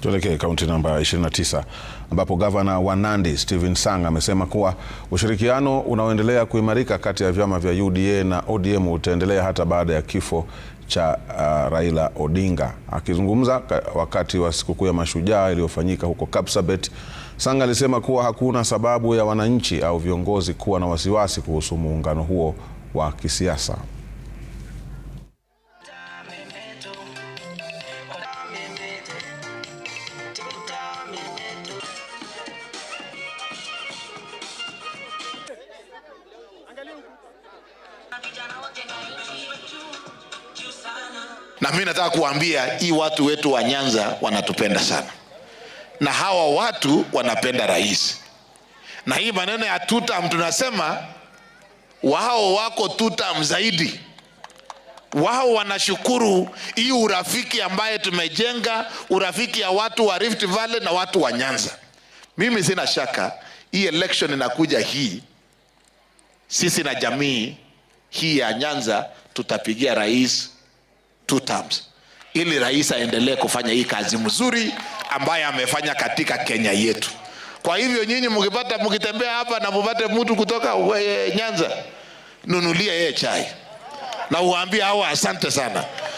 Tuelekee kaunti namba 29 ambapo gavana wa Nandi Stephen Sang amesema kuwa ushirikiano unaoendelea kuimarika kati ya vyama vya UDA na ODM utaendelea hata baada ya kifo cha uh, Raila Odinga. Akizungumza wakati wa sikukuu ya Mashujaa iliyofanyika huko Kapsabet, Sang alisema kuwa hakuna sababu ya wananchi au viongozi kuwa na wasiwasi kuhusu muungano huo wa kisiasa. na mimi nataka kuwambia hii watu wetu wa Nyanza wanatupenda sana, na hawa watu wanapenda rais, na hii maneno ya tutam tunasema wao wako tutam zaidi. Wao wanashukuru hii urafiki ambaye tumejenga, urafiki ya watu wa Rift Valley na watu wa Nyanza. Mimi sina shaka hii election inakuja hii, sisi na jamii hii ya Nyanza tutapigia rais two terms, ili rais aendelee kufanya hii kazi mzuri ambayo amefanya katika Kenya yetu. Kwa hivyo nyinyi mkipata mkitembea hapa na mupate mtu kutoka eh, Nyanza, nunulia yeye chai na uambie hawa asante sana.